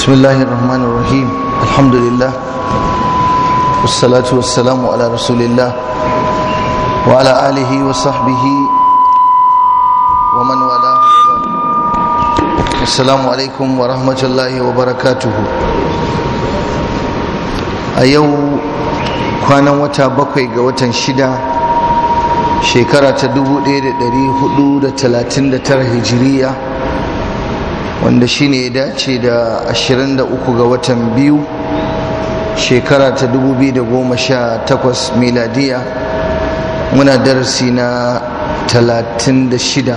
بسم الله الرحمن الرحيم الحمد لله والصلاة والسلام على رسول الله وعلى آله وصحبه ومن والاه السلام عليكم ورحمة الله وبركاته أيو كان وتا بقي وتا شكرت شكرة دبو دير دري حدود 39 هجرية wanda shine ya dace da 23 ga watan biyu shekara ta 2018 miladiya muna darasi na 36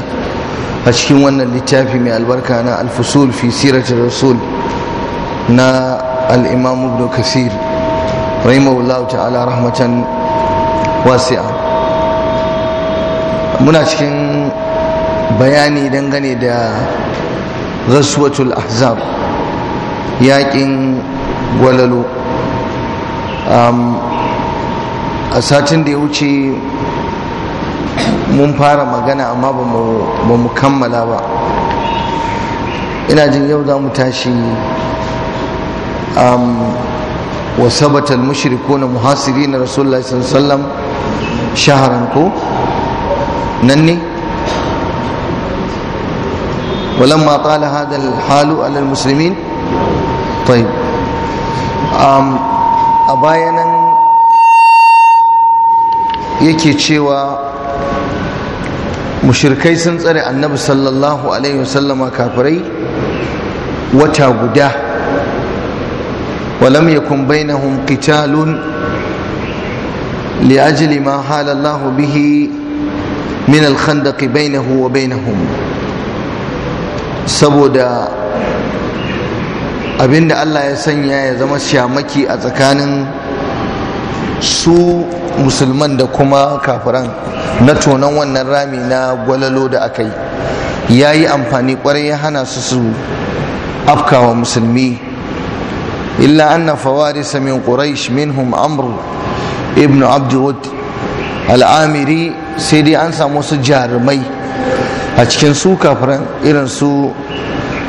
a cikin wannan littafi mai albarka na alfusul fi siratul rasul na al-imam ibn kasir rahimahullahu ta'ala rahmatan wasi'a muna cikin bayani dangane da ghaswatul ahzab yaƙin gwalalo um, a satin da ya wuce mun fara magana amma ba mu kammala ba ina jin yau za mu tashi um, wa sabatal mushriku na muhasiri na rasulullah sallallahu shaharan ko nan ne ولما طال هذا الحال على المسلمين طيب أم أباينا yake cewa mushirkai sun tsare annabi sallallahu alaihi wasallama kafirai wata guda walam yakun bainahum qitalun li ajli ma halallahu bihi min al-khandaq bainahu wa bainahum saboda abinda Allah ya sanya ya zama shamaki a tsakanin su musulman da kuma kafiran na tonon wannan rami na gwalalo da aka yi ya yi amfani kwarai ya hana su su afkawa musulmi illa anna fawarisa min quraish minhum amr ibn abdiwud al'amiri sai dai an samu su jarumai a cikin su kafiran irin su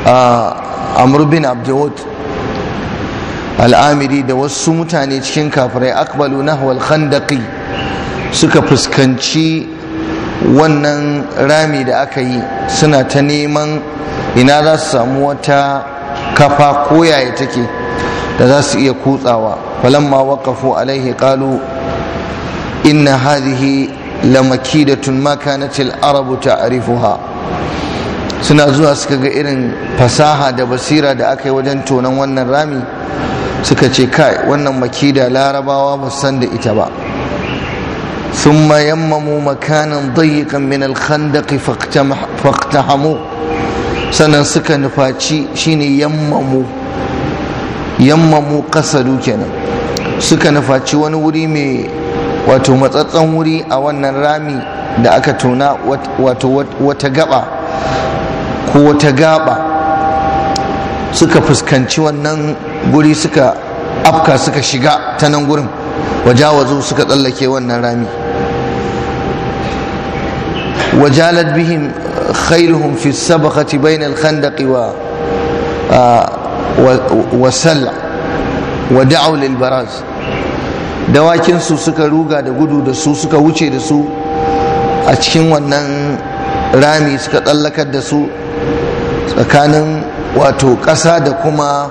Amurbin amurbin al'amiri da wasu mutane cikin kafirai akbalu nahwal khandaqi suka fuskanci wannan rami da aka yi suna ta neman ina za su samu wata kafa koyaye take da za su iya kutsawa falamma waqafu alaihe, qalu inna hadhihi lamakidatun ma kanat al-arabu ta'rifuha suna zuwa suka ga irin fasaha da basira da aka yi wajen tonon wannan rami suka ce kai wannan makida larabawa ba san da ita ba ثم يمموا مكانا ضيقا من الخندق فاقتحموه sannan suka nufaci shine yammamu yammamu kasadu kenan suka nufaci wani wuri mai wato matsatsan wuri a wannan rami da aka tona wato wata gaba ko wata gaba suka fuskanci wannan guri suka afka suka shiga ta nan gurin wajawazu suka tsallake wannan rami wajalat bihim khairuhum fi sabakati bainal khandaqi wa wa wa lil baraz dawakinsu suka ruga da gudu da su suka wuce da su a cikin wannan rami suka tsallakar da su tsakanin wato ƙasa da kuma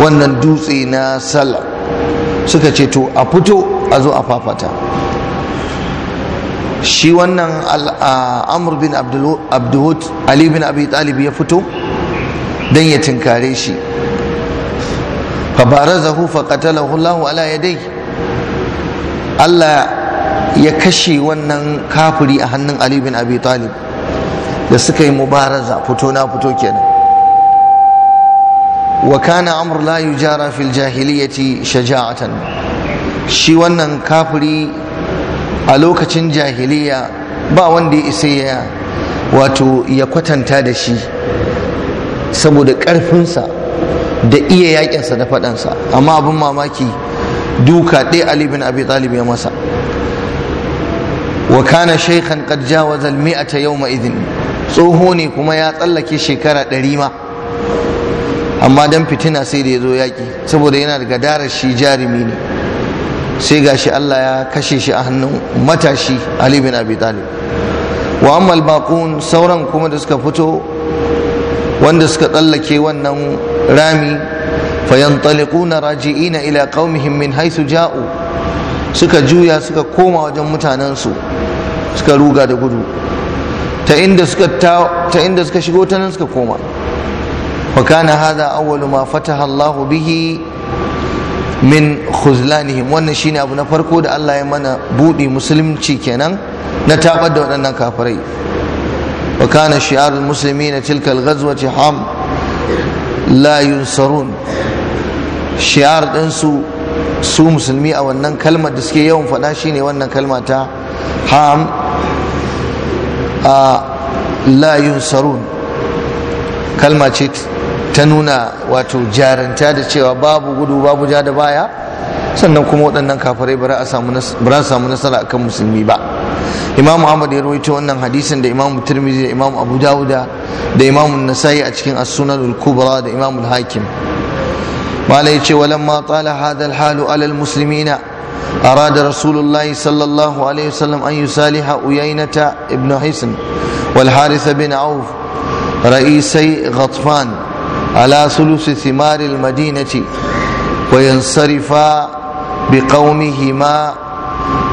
wannan dutse na sala suka ce to a fito a zo a fafata shi wannan al'amur bin abduhut ali bin abi talib ya fito don ya tinkare shi fa barazahu fa qatalahu Allah ala yadayhi Allah ya kashe wannan kafiri a hannun Ali bin Abi Talib da suka yi mubaraza fito na fito kenan wa kana amr la yujara fil jahiliyyati shaja'atan shi wannan kafiri a lokacin jahiliya ba wanda ya isa ya wato ya kwatanta da shi saboda ƙarfinsa da iya yakinsa da faɗansa amma abin mamaki duka ɗaya ali bin abi talib ya masa wa kana shaykhan qad jawaza al mi'ata yawma idhin tsoho ne kuma ya tsallake shekara ɗari ma amma dan fitina sai da ya zo yaƙi saboda yana da gadarar shi jarumi ne sai gashi Allah ya kashe shi a hannun matashi Ali bin Abi Talib wa amma baqun sauran kuma da suka fito wanda suka tsallake wannan rami fayantalikuna raji'ina ila qaumihim min haisu ja'u suka juya suka koma wajen su, suka ruga da gudu ta inda suka ta inda suka shigo ta nan suka koma wa kana hadha awwalu ma fataha Allah bihi min khuzlanihim wannan shine abu na farko da Allah ya mana budi musulunci kenan na tabar da waɗannan kafirai wa kana shi'arul muslimina tilka al-ghazwati ham la yunsarun shiyar ɗinsu su musulmi a wannan kalmar da suke yawan faɗa shine wannan kalma ta ham a layun sarun. kalma ce ta nuna wato jaranta da cewa babu gudu babu ja da baya sannan kuma waɗannan kafarai ba za a samu nasara akan musulmi ba imamu ahmad ya rawaito wannan hadisin da imamu tirmidhi da imamu abu dawuda da imamu nasai a cikin as-sunan al-kubra da imamu al-hakim ما ليتي ولما طال هذا الحال على المسلمين أراد رسول الله صلى الله عليه وسلم أن يصالح أيينة ابن حسن والحارث بن عوف رئيسي غطفان على ثلث ثمار المدينة وينصرفا بقومهما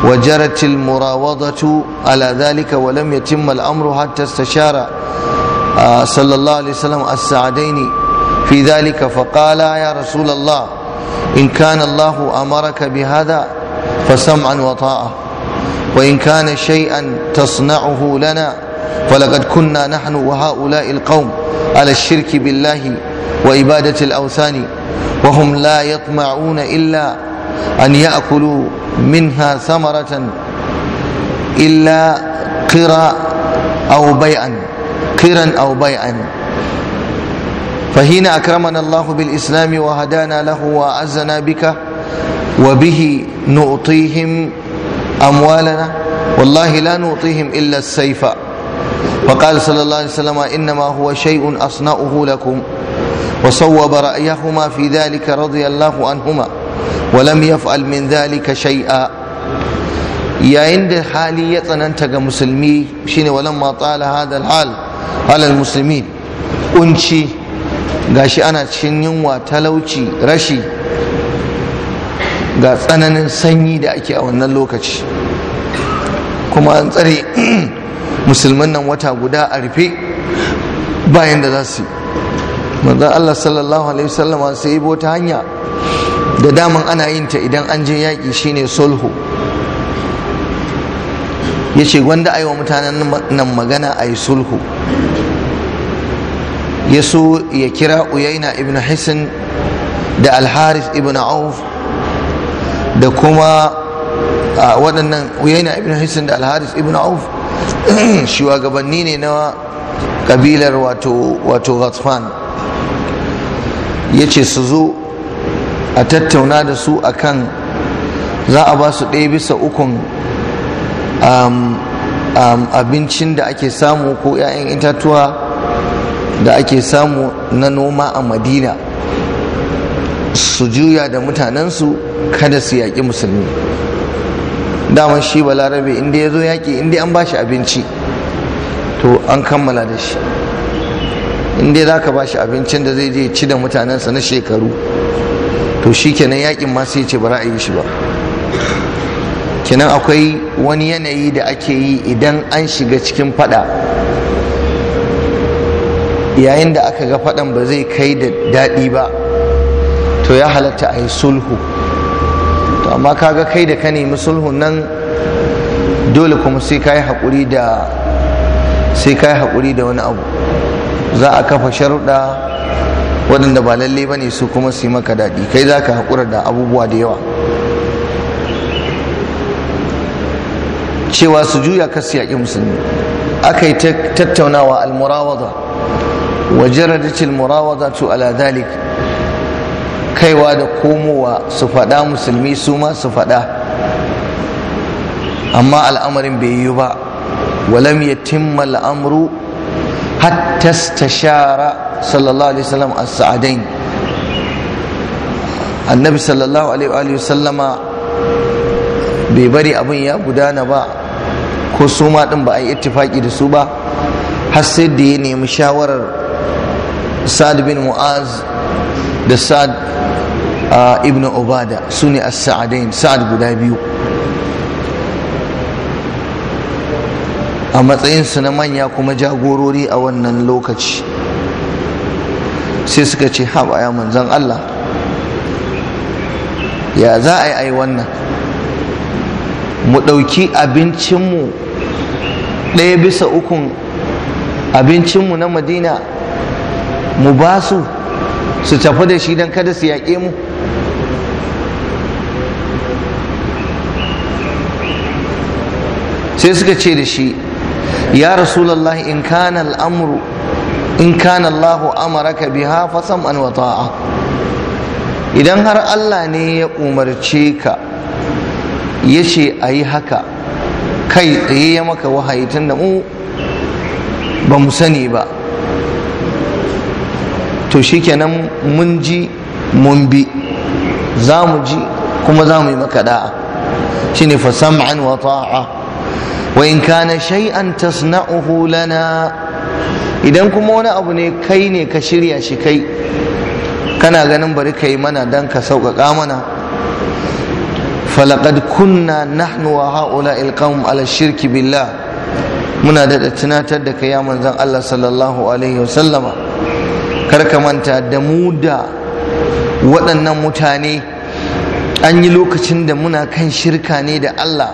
وجرت المراوضة على ذلك ولم يتم الأمر حتى استشار صلى الله عليه وسلم السعدين في ذلك فقال يا رسول الله إن كان الله أمرك بهذا فسمعا وطاعة وإن كان شيئا تصنعه لنا فلقد كنا نحن وهؤلاء القوم على الشرك بالله وإبادة الأوثان وهم لا يطمعون إلا أن يأكلوا منها ثمرة إلا قرا أو بيعا قرا أو بيعا فهنا أكرمنا الله بالإسلام وهدانا له وأعزنا بك وبه نعطيهم أموالنا والله لا نعطيهم إلا السيف وقال صلى الله عليه وسلم إنما هو شيء أصنعه لكم وصوب رأيهما في ذلك رضي الله عنهما ولم يفعل من ذلك شيئا yayin da hali ya tsananta ga musulmi shine walan ma tsala hada hal alal musulmi kunci gashi ana cikin yunwa talauci rashi ga tsananin sanyi da ake a wannan lokaci kuma an tsare musulman nan wata guda a rufe bayan da za su yi Allah sallallahu alaihi wasallama sai yi bota hanya da daman ana yin ta idan an je yaƙi shine sulhu ya ce gwanda a yi wa mutanen nan magana a yi sulhu ya so ya kira uyaina ibn hisin da alharis ibn auf da kuma waɗannan uyaina ibn hisin da alharis ibn auf shugabanni ne na kabilar wato ghatfan ya ce su zo a tattauna da su akan za a ba su ɗaya bisa ukun abincin da ake samu ko 'ya'yan itatuwa da ake samu na noma a madina su juya da mutanensu kada su yaƙi musulmi daman shi balarabe inda ya zo yaƙi inda an ba shi abinci to an kammala da shi inda za ka ba shi abincin da zai je ci da mutanensa na shekaru to shi kenan yaƙin masu yace ce ba a shi ba kenan akwai wani yanayi da ake yi idan an shiga cikin fada yayin da aka ga faɗan ba zai kai da daɗi ba to ya halatta a yi sulhu to amma kaga kai da ka nemi sulhu nan dole kuma sai ka yi haƙuri da sai ka yi haƙuri da wani abu za a kafa sharuɗa waɗanda ba lalle ba ne su kuma su yi maka daɗi kai za ka haƙura da abubuwa da yawa cewa su juya kasu yaƙi musulmi aka yi tattaunawa almurawaza. وجردت المراوضة على ذلك kaiwa da komowa su faɗa musulmi su ma su faɗa amma al'amarin bai yi ba walam ya timma al'amru hatta stashara sallallahu alaihi wasallam a sa'adain annabi sallallahu alaihi wasallama bai bari abun ya gudana ba ko su ma ɗin ba a yi ittifaki da su ba har sai da ya nemi shawarar sa'ad bin mu'az da sa'ad uh, ibn ubada su ne a saadain sa'ad guda biyu a matsayinsu na manya kuma jagorori a wannan lokaci sai suka ce haɓa ya manzan Allah ya za a yi ai wannan mu ɗauki abincinmu ɗaya bisa ukun abincinmu na madina mu ba su su tafi da shi don kada su yaƙe mu sai suka ce da shi ya rasulallah in kana al'amuru in kana Allahu amaraka biha fasam an wata'a idan har Allah ne ya umarce ka ya ce a yi haka kai tsaye ya maka wahayi tun da mu ba mu sani ba to shikenan mun ji mun bi za mu ji kuma za mu yi maka da'a ne fa sam'an wa ta'a wa in kana shay'an tasna'uhu lana idan kuma wani abu ne kai ne ka shirya shi kai kana ganin bari kai mana dan ka sauƙaƙa mana falaqad kunna nahnu wa ha'ula alqawm ala shirki billah muna da tunatar da kai ya manzon Allah sallallahu alaihi wasallama kar manta da mu da waɗannan mutane an yi lokacin da muna kan shirka ne da Allah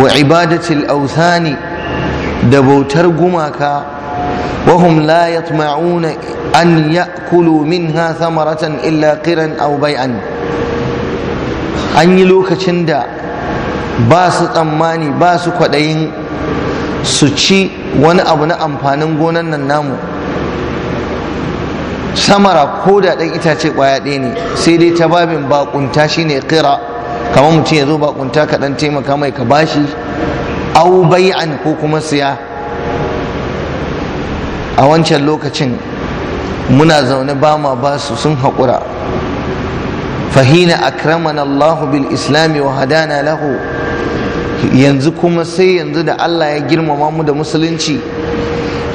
wa ibadatul authani da bautar gumaka wahum la yatma'una an ya'kulu minha thamaratan illa qiran aw bay'an an yi lokacin da ba su tsammani ba su kwaɗayin su ci wani abu na amfanin gonan nan namu samara ko da ɗan itace ƙwaya ɗaya ne sai dai ta babin bakunta ne ƙira, kamar mutum ya zo bakunta ka ɗan taimaka mai ka bashi au bai'an ko kuma siya a wancan lokacin muna zaune ba ma ba su sun haƙura fahina akramana Allah bil islami wa hadana lahu yanzu kuma sai yanzu da Allah ya girmama mu da musulunci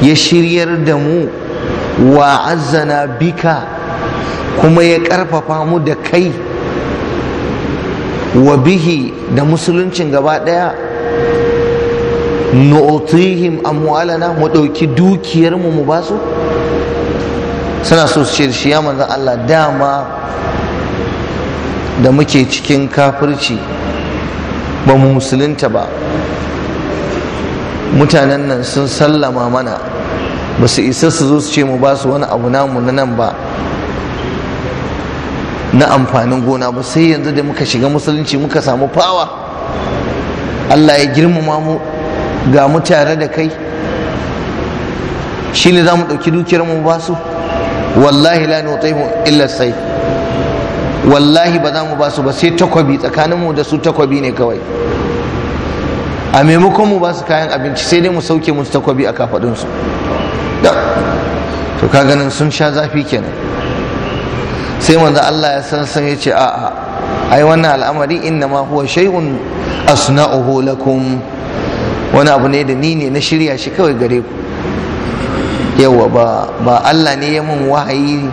ya shiryar da mu wa azzana bika kuma ya karfafa mu da kai wa bihi da musuluncin gaba daya nu'tihim amwalana mu dauki dukiyar mu mu basu suna so su ce shi ya manzon Allah dama da muke cikin kafirci ba mu musulunta ba mutanen nan sun sallama mana ba su isa su zo su ce mu ba su wani abu namu na nan ba na amfanin gona ba sai yanzu da muka shiga musulunci muka samu fawa Allah ya girmama mu ga mu tare da kai shi ne za mu ɗauki dukiyar mu ba su wallahi la wata illa sai wallahi ba za mu ba su ba sai takwabi tsakaninmu da su takwabi ne kawai a maimakon mu ba su kayan abinci sai dai mu sauke musu takwabi a kafaɗinsu da to ka ganin sun sha zafi kenan sai wanda Allah ya san san yace a a ai wannan al'amari inna ma huwa shay'un asna'uhu lakum wani abu ne da ni ne na shirya shi kawai gare ku yawa ba ba Allah ne ya mun wahayi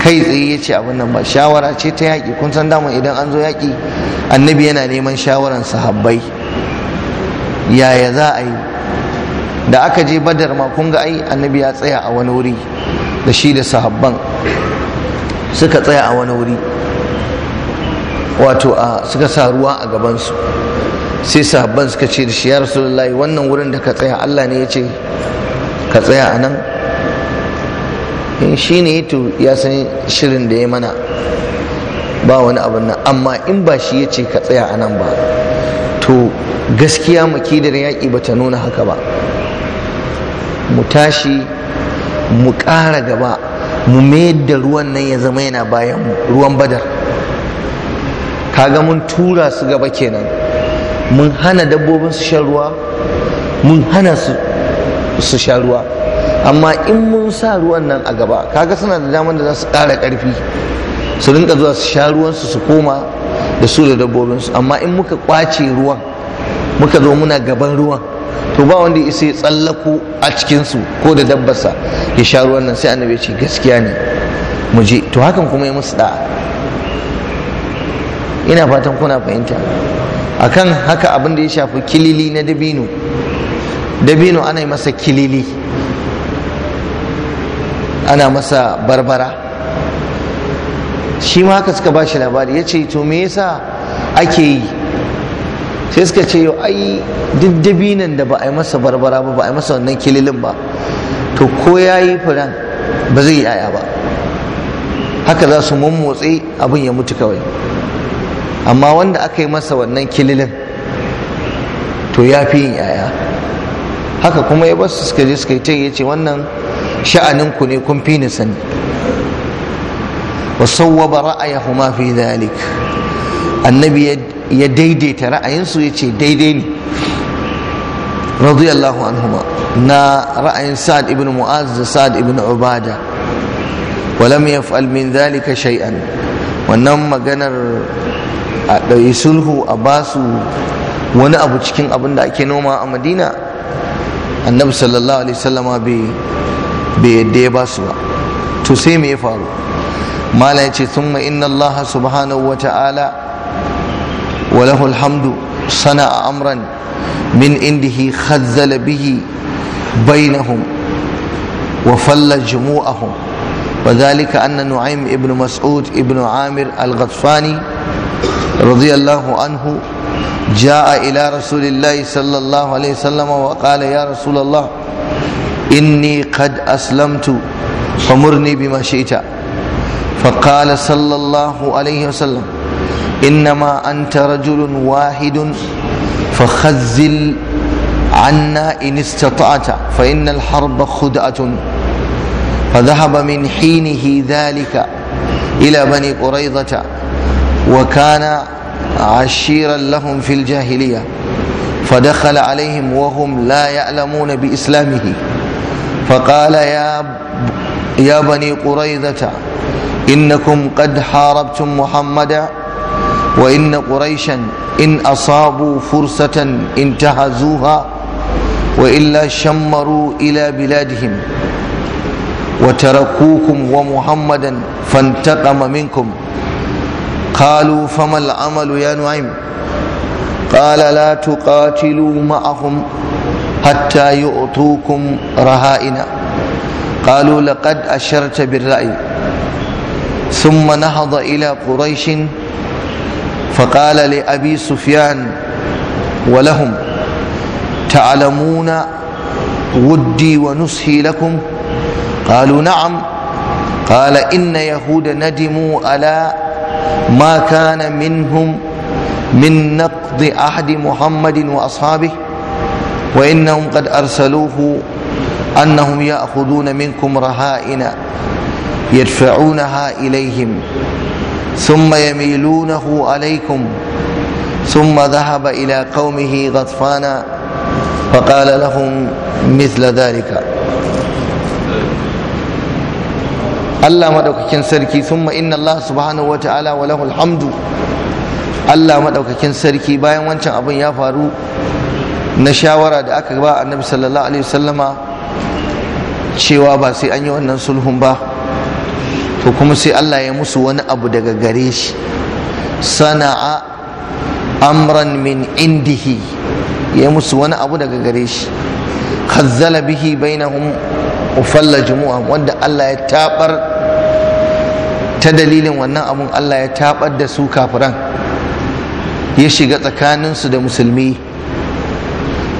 kai tsaye ya ce abin nan ba shawara ce ta yaƙi kun san damun idan an zo yaƙi annabi yana neman shawaran sahabbai yaya za a yi da aka je badar ma kun ga ai annabi ya tsaya a wani wuri da shi da sahabban suka tsaya a wani wuri wato a suka sa ruwa a gabansu sai sahabban suka ce da shi ya rasulullahi wannan wurin da ka tsaya Allah ne ya ce ka tsaya a nan in eh, shi ne to ya san shirin da ya mana ba wani abin nan amma in ba shi ya ce ka tsaya a nan ba to gaskiya makidar yaƙi ba ta nuna haka ba mu tashi mu ƙara gaba mu mayar da ruwan nan ya zama yana bayan ruwan badar kaga mun tura su gaba kenan mun hana dabbobin su shan ruwa mun hana su ruwa amma in mun sa ruwan nan a gaba kaga suna da damar da za su ƙara ƙarfi su rinka zuwa su sha ruwansu su koma da su da dabbobinsu amma in muka ƙwace ruwan muka zo muna gaban ruwan to ba wanda isa ya tsallako a cikinsu ko da dabbarsa ya sha ruwan nan sai annabi ya ce gaskiya ne mu je to hakan kuma ya musu da'a ina fatan kuna fahimta akan haka abin da ya shafi kilili na dabino dabino ana yi masa kilili ana masa barbara shi ma haka suka ba shi labari ya ce to me yasa ake yi sai suka ce yau ai diddabi nan da ba a yi masa barbara ba ba a yi masa wannan kililin ba to ko ya yi furan ba zai yi yaya ba haka za su mummotsi abin ya mutu kawai amma wanda aka yi masa wannan kililin to ya fi yin yaya haka kuma ya basu suka je suka yi ta yace wannan sha'aninku ne kun fi ni sani wa sawwaba ra'ayahu fi dhalik annabi ya daidaita ra'ayinsu ya ce daidai ne radiyallahu anhuma na ra'ayin sa'ad ibn mu'az da sa'ad ibn ubada walam yaf'al min dhalika shay'an wannan maganar a ɗauki sulhu a basu wani abu cikin abin da ake noma a madina annabi sallallahu alaihi wasallama bai yadda ya basu ba to sai me ya faru mala ya ce ma inna allaha subhanahu wa ta'ala وله الحمد صنع أمرا من عنده خذل به بينهم وفل جموعهم وذلك أن نعيم ابن مسعود ابن عامر الغطفاني رضي الله عنه جاء إلى رسول الله صلى الله عليه وسلم وقال يا رسول الله إني قد أسلمت فمرني بما شئت فقال صلى الله عليه وسلم إنما أنت رجل واحد فخزل عنا إن استطعت فإن الحرب خدعة فذهب من حينه ذلك إلى بني قريظة وكان عشيرا لهم في الجاهلية فدخل عليهم وهم لا يعلمون بإسلامه فقال يا يا بني قريظة إنكم قد حاربتم محمدا وإن قريشا إن أصابوا فرصة انتهزوها وإلا شمروا إلى بلادهم وتركوكم ومحمدا فانتقم منكم قالوا فما العمل يا نعيم قال لا تقاتلوا معهم حتى يعطوكم رهائنا قالوا لقد أشرت بالرأي ثم نهض إلى قريش فقال لأبي سفيان ولهم تعلمون ودي ونسهي لكم قالوا نعم قال إن يهود ندموا على ما كان منهم من نقض عهد محمد وأصحابه وإنهم قد أرسلوه أنهم يأخذون منكم رهائن يدفعونها إليهم ثم يميلونه عليكم ثم ذهب إلى قومه غطفانا فقال لهم مثل ذلك Allah maɗaukakin sarki sun inna Allah subhanahu wa ta'ala wa lahul hamdu Allah maɗaukakin sarki bayan wancan abin ya faru na shawara da aka ba annabi sallallahu alaihi wasallama cewa ba sai an yi wannan sulhun ba to kuma sai Allah ya musu wani abu daga gare shi sana'a amran min indihi ya musu wani abu daga gare shi kazzala bihi bainahum ufalla jumu'a wanda Allah ya tabar ta dalilin wannan abun Allah ya tabar da su kafiran ya shiga tsakaninsu da musulmi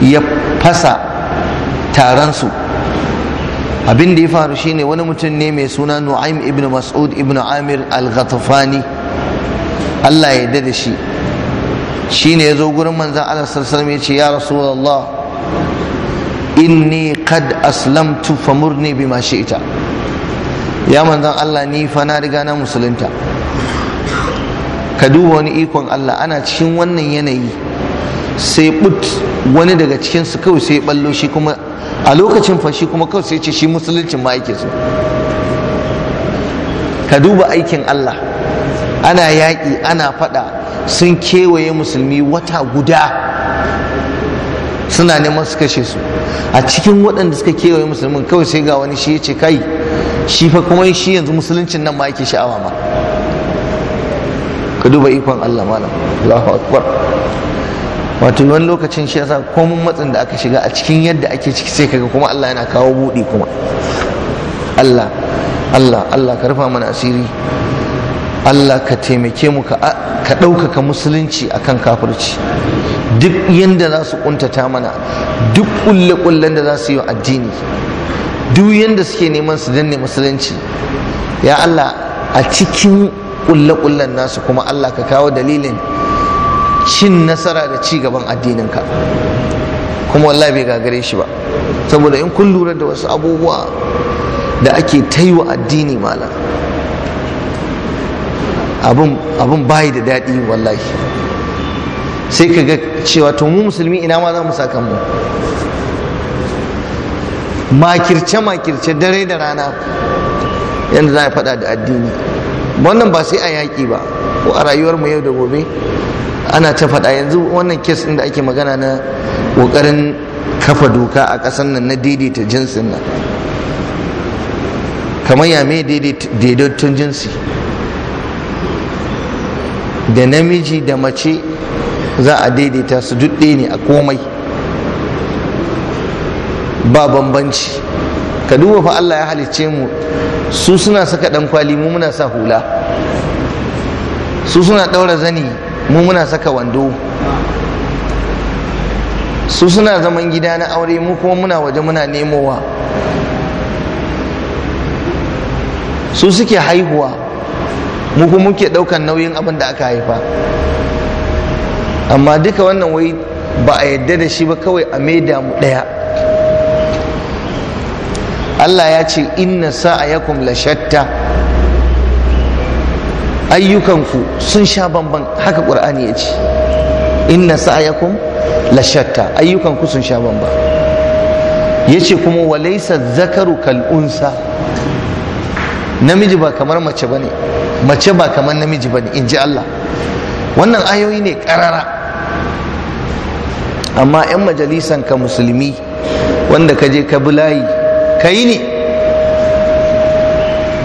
ya fasa taronsu. su abin da ya faru shine wani mutum ne mai suna nu'aim ibn mas'ud ibn amir al-ghatafani Allah ya yarda da shi shine ya zo gurin manzon Allah sallallahu alaihi ya ce ya rasulullah inni qad aslamtu famurni bima shi'ta ya manzon Allah ni fa na riga na musulunta ka duba wani ikon Allah ana cikin wannan yanayi sai but wani daga cikinsu kawai sai ballo shi kuma a lokacin fashi kuma kawai sai ce shi musuluncin ma ake so ka duba aikin Allah ana yaƙi ana faɗa sun kewaye musulmi wata guda suna neman su kashe su a cikin waɗanda suka kewaye musulmin kawai sai ga wani shi ya ce kai shi fa kuma shi yanzu musuluncin nan ma yake sha'awa ma ka duba ikon Allah malam Allahu akbar wato wani lokacin shi yasa komun matsin da aka shiga a cikin yadda ake ciki sai kaga kuma Allah yana kawo buɗi kuma Allah Allah Allah ka rufa mana asiri Allah ka taimake mu ka ɗaukaka musulunci akan kafirci duk yadda za su kuntata mana duk ƙulle-ƙullen da za su yi wa addini duk yadda suke neman su danne musulunci ya Allah a cikin ƙulle-ƙullen nasu kuma Allah ka kawo dalilin cin nasara da ci gaban addininka kuma wallahi bai gagare shi ba saboda in kun lura da wasu abubuwa da ake taiwa addini mala abin bayi da daɗi wallahi sai ka ga cewa to mu musulmi ina ma za mu saka mu makirce makirce dare da rana yadda za a faɗa da addini wannan ba sai a yaƙi ba ko a rayuwar mu yau da gobe ana ta faɗa yanzu wannan kes ɗin da ake magana na ƙoƙarin kafa doka a ƙasar nan na daidaita jinsin nan kamar ya mai daidaitun jinsi da namiji da mace za a daidaita su duk ne a komai ba bambanci ka duba fa Allah ya halicce mu su suna saka ɗan kwali mu muna sa hula su suna ɗaura zani mu muna saka wando su suna zaman gida na aure mu kuma muna waje muna nemowa su suke haihuwa mu kuma muke ɗaukan nauyin abin da aka haifa amma duka wannan wai ba a yadda da shi ba kawai a maida mu ɗaya Allah ya ce inna sa'ayakum la shatta ayyukanku sun sha bamban haka ƙur'ani ya ce inna sa'ayakum la shatta ayyukanku sun sha bamban ya ce kuma laysa zakaru kal'unsa namiji ba kamar mace ba ne mace ba kamar namiji ba inji Allah wannan ayoyi ne ƙarara amma 'yan majalisan ka musulmi wanda ka je ka bi layi ka yi ne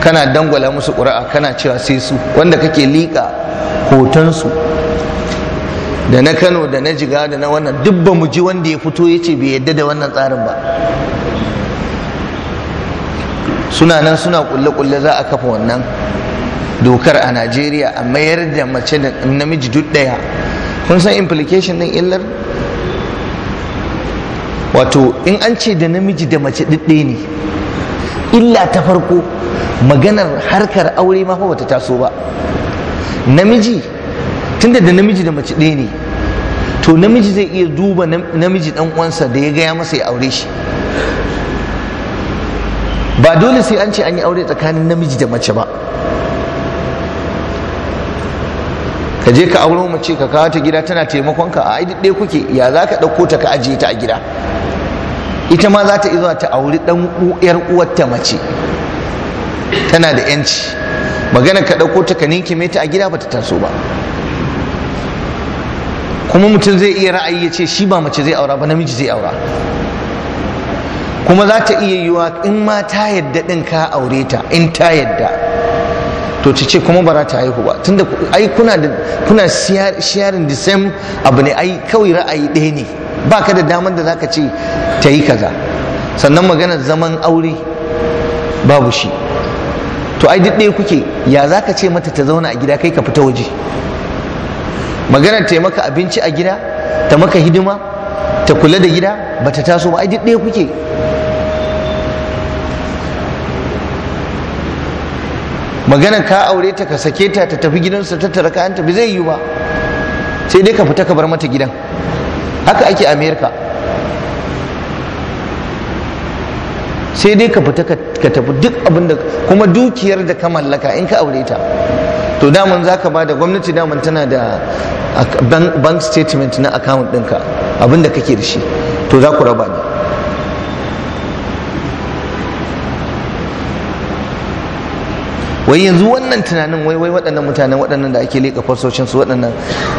kana dangwala musu ƙura'a kana cewa sai su wanda kake liƙa hotonsu da na kano da na jiga da na wannan duk ba mu ji wanda ya fito ya ce bai yadda da wannan tsarin ba suna nan suna kulle-kulle za a kafa wannan dokar a najeriya a mayar da mace da namiji duk ɗaya kun san implication ɗin illar wato in an ce da namiji da mace duk ɗaya ne illa ta farko maganar harkar aure ma fa bata taso ba namiji tunda da namiji da mace ɗaya ne to namiji zai iya duba namiji dan uwansa da ya gaya masa ya aure shi ba dole sai an ce an yi aure tsakanin namiji da mace ba ka je ka auro mace ka kawo ta gida tana taimakon ka a ai ɗaya kuke ya za ka ɗauko ta ka ajiye ta a gida ita ma za ta zuwa ta auri dan uwar uwarta mace tana da yanci magana ka dauko ta ka mai ta a gida bata taso ba kuma mutum zai iya ra'ayi ya ce shi ba mace zai aura ba namiji zai aura kuma za ta iya yi wa in ma ta yadda ɗin ka aure ta in ta yadda to ta ce kuma ba ta haihu ba tunda ai kuna da kuna sharing the same abu ne ai kawai ra'ayi ɗaya ne ba ka da damar da zaka ce ta yi kaza sannan maganar zaman aure babu shi to ai duk ɗaya kuke ya za ka ce mata ta zauna a gida kai ka fita waje maganar ta maka abinci a gida ta maka hidima ta kula da gida ba ta taso ba ai duk ɗaya kuke maganar ka aure ta ka sake ta ta tafi gidansa ta tara kayan ta zai yi ba sai dai ka fita ka bar mata gidan haka ake amerika sai dai ka fita ka tafi duk abin kuma dukiyar da ka mallaka in ka aure ta to daman za ka da gwamnati daman tana da bank statement na account ɗinka abinda da kake da shi to za ku raba ne wai yanzu wannan tunanin wai wai waɗannan mutanen waɗannan da ake leƙa fasoshin su waɗannan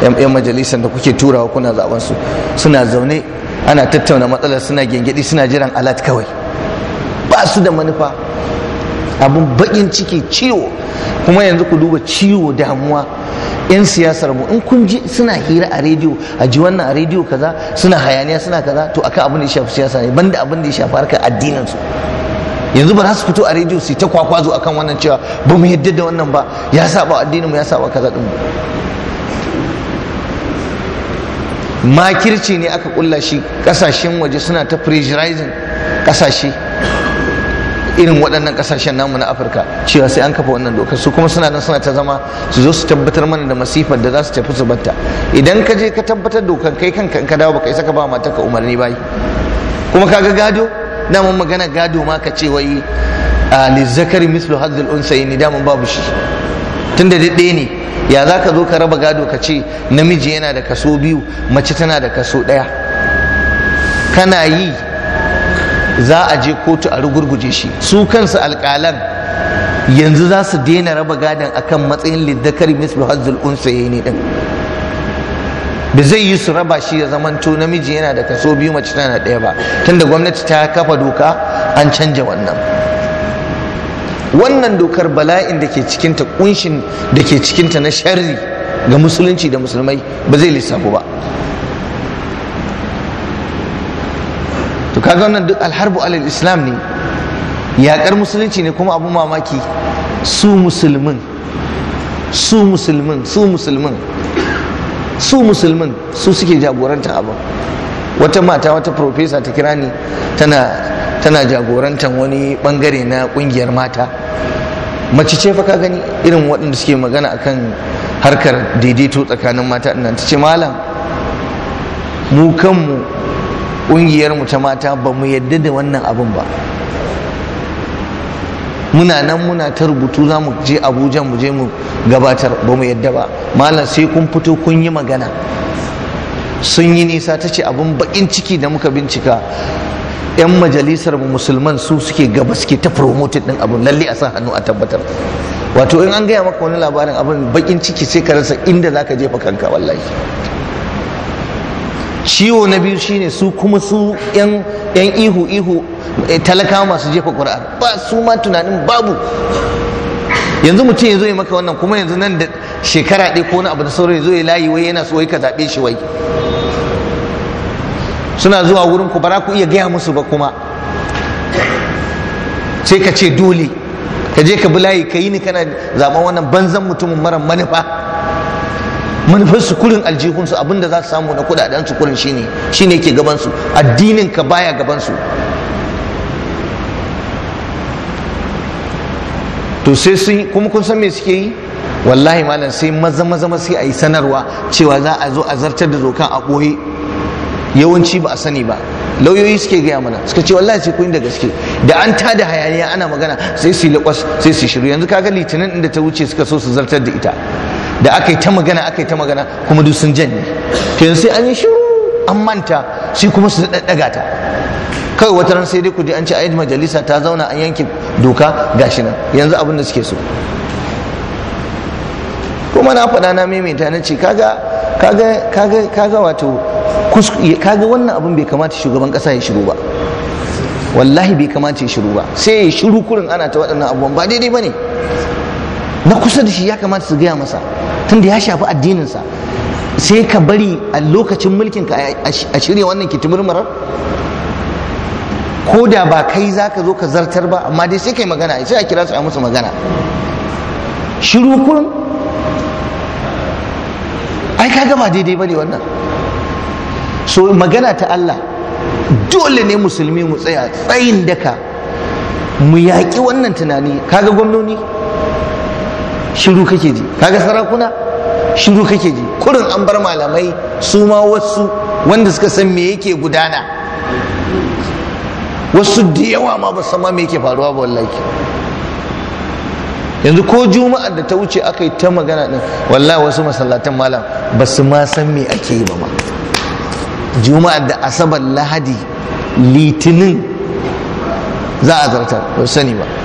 yan majalisar da kuke turawa kuna zaben su suna zaune ana tattauna matsalar suna gengedi suna jiran alat kawai ba su da manufa abun bakin ciki ciwo kuma yanzu ku duba ciwo damuwa yan siyasar mu in kun ji suna hira a rediyo a ji wannan a rediyo kaza suna hayaniya suna kaza to akan abin da ya shafi siyasa ne banda abin da ya shafi harkar addinin su yanzu ba za su fito a rediyo su ta kwakwazo akan wannan cewa ba mu yadda da wannan ba ya saba addinin mu ya saba kaza din makirci ne aka kulla shi kasashen waje suna ta pressurizing kasashe irin waɗannan kasashen namu na afirka cewa sai an kafa wannan dokar su kuma suna nan suna ta zama su zo su tabbatar mana da masifar da za su tafi su batta idan ka je ka tabbatar dokar kai kanka ka dawo baka isa ka ba ka umarni bai kuma ka ga gado daman magana gado ma ka ce wai lizzakari mislu hazzul unsayni mun babu shi tunda da ne ya za ka zo ka raba gado ka ce namiji yana da kaso biyu mace tana da kaso ɗaya kana yi za a je kotu a rugurguje shi su kansu alƙalan yanzu za su daina raba gadon akan matsayin lizzakari mislu hazzul unsayni din da zai yi su raba shi ya zamanto namiji yana da kaso biyu mace tana ɗaya ba tunda gwamnati ta kafa doka an canja wannan wannan dokar bala'in da ke cikinta kunshin da ke cikinta na sharri ga musulunci da musulmai ba zai lissafu ba to kaga wannan duk alharbu alal islam ne yakar musulunci ne kuma abu mamaki su musulmin su musulmin su musulmin su musulmin su suke jagoranta abin wata mata wata profesa ta kira ni tana tana jagorantar wani bangare na kungiyar mata mace ce fa ka gani irin waɗanda suke magana akan harkar daidaito tsakanin mata nan ta ce malam mu kanmu ƙungiyarmu ta mata ba mu yadda da wannan abin ba muna nan muna ta rubutu za mu je abuja mu je mu gabatar ba mu yadda ba malam sai kun fito kun yi magana sun yi nisa ta ce abin bakin ciki da muka bincika 'yan majalisar musulman su suke gaba suke ta promoted din abin lalle a san hannu a tabbatar wato in an gaya maka wani labarin abin bakin ciki sai ka rasa inda zaka jefa kanka wallahi ciwo na biyu shine su kuma su yan ihu ihu eh, talakawa masu jefa ƙuri'a ba su ma tunanin babu yanzu mutum ya zo ya maka wannan kuma yanzu nan da shekara ɗaya ko na abu da sauran ya zo ya layi wai yana so wai ka zaɓe shi wai suna zuwa wurin ku bara ku iya gaya musu ba kuma sai ka ce dole ka je ka bi layi ka yi ni kana zaɓen wannan banzan mutumin mara manufa manufar su kurin su abinda za su samu na kudaden su kurin shine shine yake gaban su addinin ka baya gaban su to sai sun kuma kun san me suke yi wallahi malam sai maza maza sai a yi sanarwa cewa za a zo a zartar da zokan a ɓoye yawanci ba a sani ba lauyoyi suke gaya mana suka ce wallahi sai kun da gaske da an ta da hayaniya ana magana sai su yi lakwas sai su shiru yanzu kaga litinin da ta wuce suka so su zartar da ita da aka yi ta magana aka yi ta magana kuma duk sun janye to yanzu sai an yi shiru an manta shi kuma su daddaga ta kai wata ran sai dai ku je an ce ayi majalisa ta zauna an yanke doka gashi nan yanzu abin da suke so kuma na faɗa na maimaita na ce kaga kaga kaga kaga wato kaga wannan abin bai kamata shugaban ƙasa ya shiru ba wallahi bai kamata ya shiru ba sai ya shiru kurin ana ta waɗannan abubuwan ba daidai ba ne na kusa da shi ya kamata su gaya masa tunda ya shafi addininsa sai ka bari a lokacin mulkin ka a shirya wannan murmurar ko da ba kai za ka zo ka zartar ba amma dai sai kai magana sai a kira su a musu magana shiru kurum ai ka gama daidai ba ne wannan so magana ta Allah dole ne musulmi mu tsaya tsayin daka mu yaƙi wannan tunani kaga gwamnoni shiru kake ji kaga sarakuna shiru kake ji kurin an bar malamai su ma wasu wanda suka san me yake gudana wasu da yawa ma ba san ma me yake faruwa ba wallahi yanzu ko juma'ar da ta wuce aka yi ta magana din wallahi wasu masallatan malam ba su ma san me ake yi ba ma juma'ar da asabar lahadi litinin za a zartar ba sani ba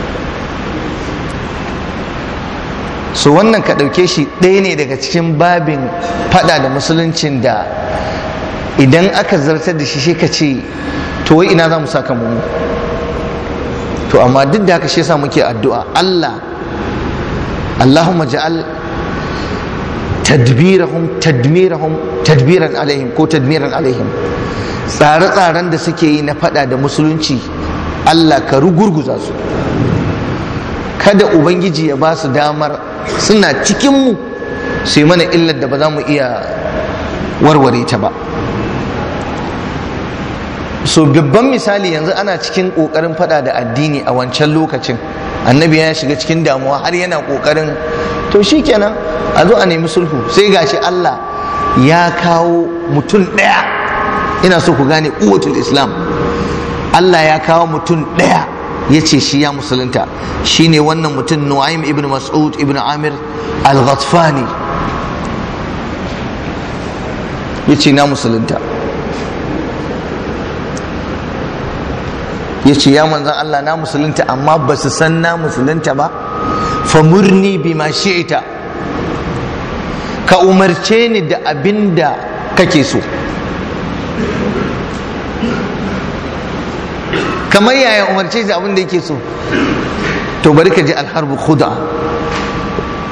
so wannan ka ɗauke shi ɗaya ne daga cikin babin faɗa da musuluncin da idan aka zartar da shi shi ka ce to wai ina za mu saka mu to amma duk da haka shi yasa muke addu'a Allah Allahumma ja'al tadbirahum tadmirahum tadbiran alaihim ko tadmiran alaihim tsare-tsaren da suke yi na faɗa da musulunci Allah ka rugurguza su kada ubangiji ya ba su damar suna cikinmu su yi mana illar da ba za mu iya warware ta ba so babban misali yanzu ana cikin kokarin fada da addini a wancan lokacin annabi ya shiga cikin damuwa har yana kokarin to shikenan a zo a nemi sulhu sai gashi Allah ya kawo mutum ɗaya ina so ku gane kuwatul islam Allah ya kawo mutum ɗaya ya ce shi ya musulunta ne wannan mutum nu'aym ibn mas'ud ibn amir al-ghatfani ya ce na musulunta ya ce ya manzan Allah na musulunta amma ba su san na musulunta ba famurni bi ma shi'ita ka umarce ni da abin da kake so kamar yaya umarce shi abin da yake so to bari ka ji alharbu khuda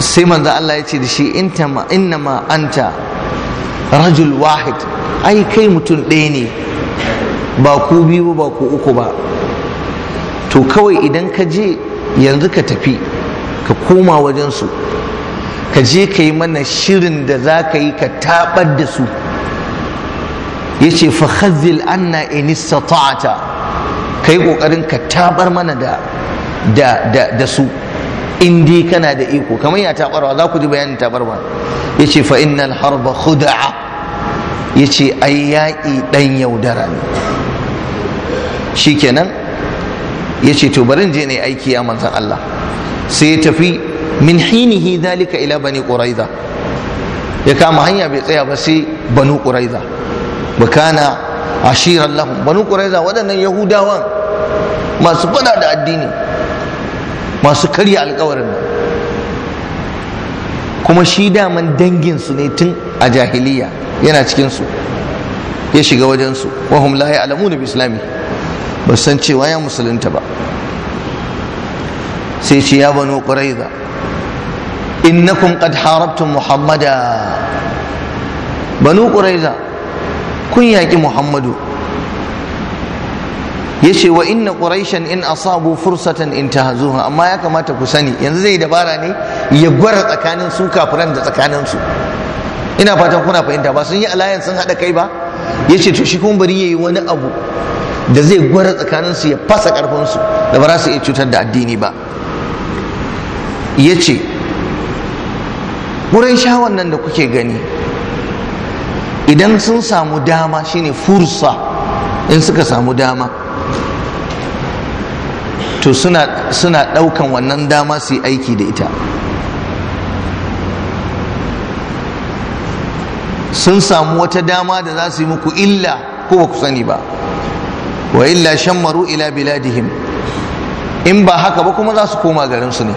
sai manzo Allah ya ce da shi inna ma anta rajul wahid ai kai mutum ɗaya ne ba ku biyu ba ku uku ba to kawai idan ka je yanzu ka tafi ka koma wajensu ka je ka yi mana shirin da za ka yi ka tabar da su ya ce fa khazzil anna in ka yi ƙoƙarin ka tabar mana da da su in dai kana da iko kamar ya tabarwa za ku ji bayanin tabarwa ya ce fa innal harba khuda'a ya ce ai yaƙi ɗan yaudara ne shikenan ya ce to barin je ne aiki ya manzan Allah sai ya tafi min hinihi dalika ila bani quraiza ya kama hanya bai tsaya ba sai banu quraiza bakana ashiran lahum banu quraiza waɗannan yahudawan masu faɗa da addini masu karya alkawarin nan kuma shi daman danginsu ne tun a jahiliya yana cikinsu ya shiga wajensu wahum la ya'lamuna bi islami ba san cewa ya musulunta ba sai shi ya banu quraiza innakum qad harabtum muhammada banu quraiza kun yaƙi muhammadu ya ce wa inna ƙuraishan in asabu fursatan in tahazuha amma ya kamata ku sani yanzu zai dabara ne ya gwara tsakanin su kafiran da tsakanin su ina fatan kuna fahimta ba sun yi alayan sun haɗa kai ba ya ce to shi kun bari ya yi wani abu da zai gwara tsakanin su ya fasa ƙarfin da ba za su iya cutar da addini ba ya ce ƙuraishawan nan da kuke gani idan sun samu dama shine fursa in suka samu dama to suna ɗaukan wannan dama su yi aiki da ita sun samu wata dama da za su yi muku illa ko ba ku sani ba wa illa shammaru ila biladihim in ba haka ba kuma za su koma garinsu ne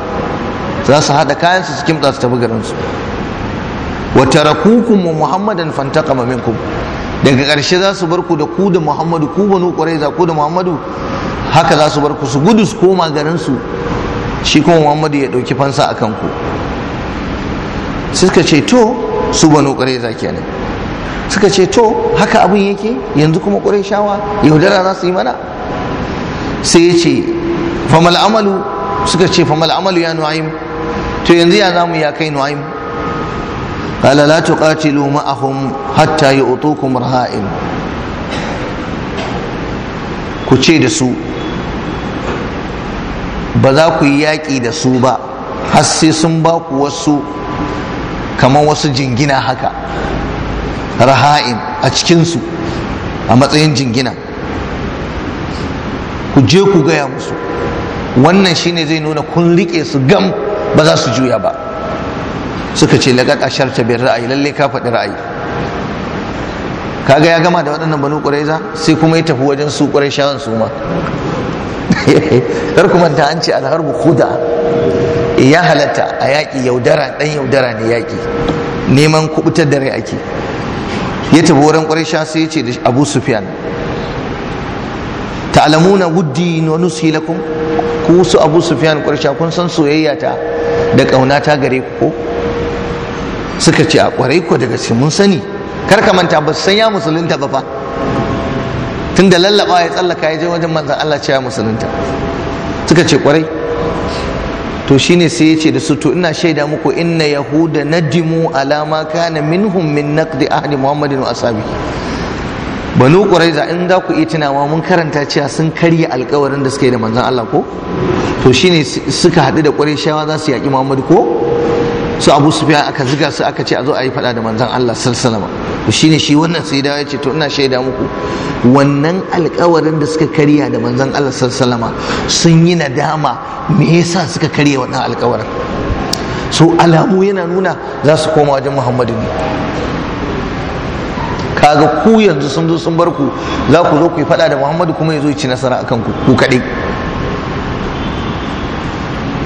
za su haɗa kayansu su kimta su tafi garinsu wa tarakukum wa muhammadan fantaqama minkum daga ƙarshe za su bar ku da ku da muhammadu ku banu ƙuraiza ku da muhammadu haka za su bar ku su gudu su koma garin su shi kuma muhammadu ya ɗauki fansa a kanku suka ce to su banu ƙuraiza kenan suka ce to haka abin yake yanzu kuma ƙuraishawa yaudara za su yi mana sai ya ce famal amalu suka ce famal amalu ya nu'aim to yanzu ya zamu ya kai nu'aim قال لا تقاتلوا معهم حتى يعطوكم رهائن ku ce da su ba za ku yi yaƙi da su ba har sai sun ba ku wasu kamar wasu jingina haka raha'in a cikinsu a matsayin jingina ku je ku gaya musu wannan shine zai nuna kun riƙe su gam ba za su juya ba suka ce laƙar asharta bin ra'ayi lalle ka faɗi ra'ayi kaga ya gama da waɗannan banu ƙuraiza sai kuma ya tafi wajen su ƙuraishawan su ma kar kuma ta an ce alharbu kuda eh, ya halatta a yaƙi yaudara ɗan yaudara ne yaƙi neman kubutar da rai ake ya tafi wurin ƙuraisha sai ya ce da abu sufyan ta'lamuna wuddi wa nusi lakum ku su abu sufyan ƙuraisha kun san soyayya ta da ƙauna ta gare ku ko suka ce a kwarai ko daga cikin mun sani kar ka manta ba san ya musulunta ba fa tun da lallaba ya tsallaka ya je wajen manzan Allah ce ya musulunta suka ce kwarai to shine sai ya ce da su to ina shaida muku inna yahuda nadimu ala ma kana minhum min naqdi ahli muhammadin wa ashabi banu quraiza in za ku iya tunawa mun karanta cewa sun karya alkawarin da suka yi da manzan Allah ko to shine suka haɗu da quraishawa za su yaƙi Muhammadu ko su abu su sufiyan aka ziga su aka ce a zo a yi fada da manzan Allah sallallahu shi ne shi wannan sai dawo ce to ina shaida muku wannan alkawarin da suka karya da manzan Allah sallallahu sun yi nadama me yasa suka karya wannan alkawarin. so alamu yana nuna za su koma wajen Muhammadu ne kaga ku yanzu sun zo sun bar ku za ku zo ku yi fada da Muhammadu kuma ya zo ci nasara akan kanku ku kaɗai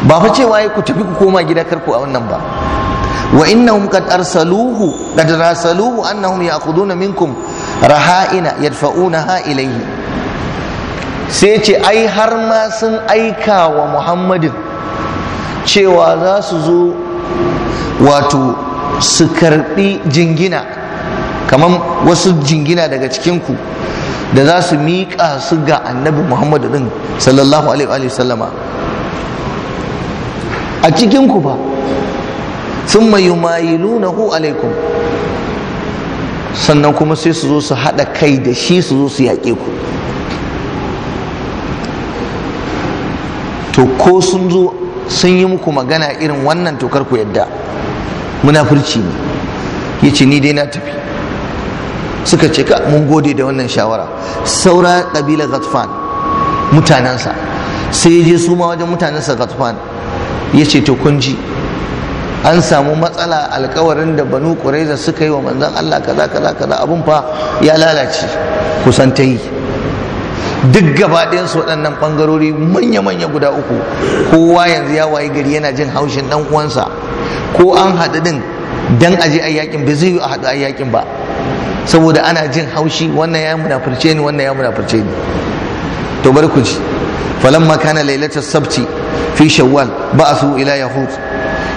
ba fa cewa ku tafi ku koma gida karku a wannan ba wa innahum qad arsaluhu qad rasaluhu annahum ya'khuduna minkum raha'ina yadfa'unaha ilayhi sai ce ai har ma sun aika wa muhammadin cewa za su zo wato su karbi jingina kamar wasu jingina daga cikinku da za su miƙa su ga annabi muhammadu din sallallahu alaihi wa sallama a cikin ku ba na ku alaikum sannan kuma sai su zo su haɗa kai da shi su zo su yaƙe ku to ko sun zo sun yi muku magana irin wannan tokar ku yadda munafurci ne ya ce ni dai na tafi suka ce ka mun gode da wannan shawara saura ƙabila gatfan mutanensa sai ya je su ma wajen mutanensa gatfan ya ce to kun ji an samu matsala alkawarin da banu ƙuraiza suka yi wa manzan Allah kaza kaza kaza abun fa ya lalace kusan ta yi duk gaba su waɗannan ɓangarori manya-manya guda uku kowa yanzu ya wayi gari yana jin haushin ɗan uwansa ko an haɗu din dan aje a yakin ba zai yi a haɗu a yakin ba saboda ana jin haushi wannan ya munafurce ni wannan ya munafurce ni to bari ku ji فلما كان ليلة السبت في شوال بعثوا إلى يهود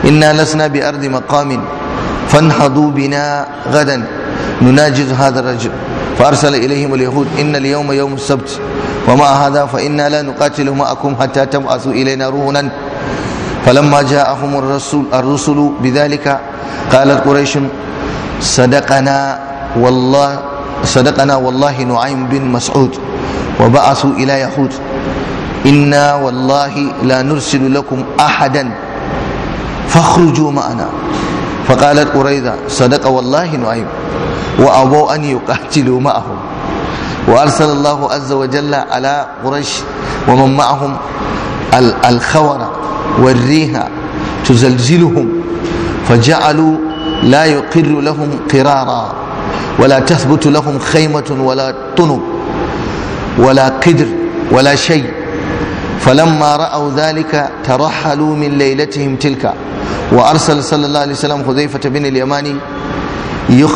إنا لسنا بأرض مقام فانهضوا بنا غدا نناجز هذا الرجل فأرسل إليهم اليهود إن اليوم يوم السبت وما هذا فإنا لا نقاتل معكم حتى تبعثوا إلينا رهنا فلما جاءهم الرسول الرسل بذلك قالت قريش صدقنا والله صدقنا والله نعيم بن مسعود وبعثوا إلى يهود إنا والله لا نرسل لكم أحدا فاخرجوا معنا فقالت قريظة صدق والله نعيم وأبوا أن يقاتلوا معهم وأرسل الله عز وجل على قريش ومن معهم الخور والريح تزلزلهم فجعلوا لا يقر لهم قرارا ولا تثبت لهم خيمة ولا طنب ولا قدر ولا شيء فلما رأوا ذلك ترحلوا من ليلتهم تلك وأرسل صلى الله عليه وسلم حذيفة بن اليماني يخ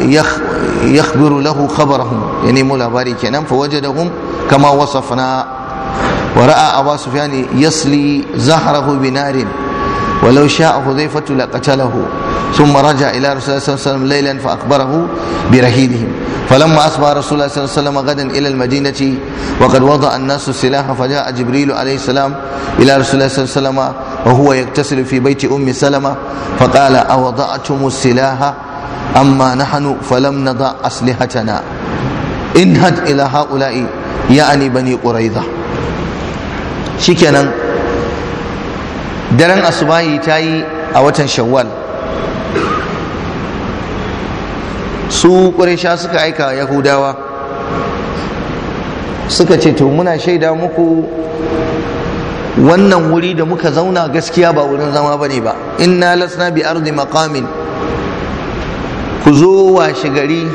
يخ يخبر له خبرهم يعني مولا باري كنم فوجدهم كما وصفنا ورأى أبا سفيان يصلي زهره بنار ولو شاء حذيفة لقتله ثم رجع إلى رسول الله صلى الله عليه وسلم ليلا فأخبره برهينهم فلما أصبح رسول الله صلى الله عليه وسلم غدا إلى المدينة وقد وضع الناس السلاح فجاء جبريل عليه السلام إلى رسول الله صلى الله عليه وسلم وهو يغتسل في بيت أم سلمة فقال أوضعتم السلاح أما نحن فلم نضع أسلحتنا انهد إلى هؤلاء يعني بني قريظة شكرا daren asubahi ta yi a watan shawwal su ƙurisha suka aika yahudawa suka ce to muna shaida muku wannan wuri da muka zauna gaskiya ba wurin zama ba ne ba inna lasna bi arzi maqamin ku zo washe gari